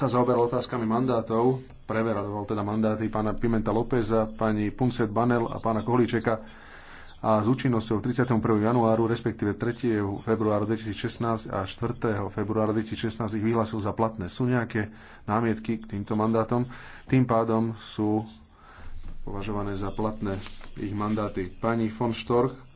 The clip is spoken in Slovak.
sa zaoberal otázkami mandátov, preveroval teda mandáty pána Pimenta Lópeza, pani Punset Banel a pána Kohličeka a s účinnosťou 31. januáru, respektíve 3. februára 2016 a 4. februára 2016 ich vyhlásil za platné. Sú nejaké námietky k týmto mandátom, tým pádom sú považované za platné ich mandáty. Pani von Štorch,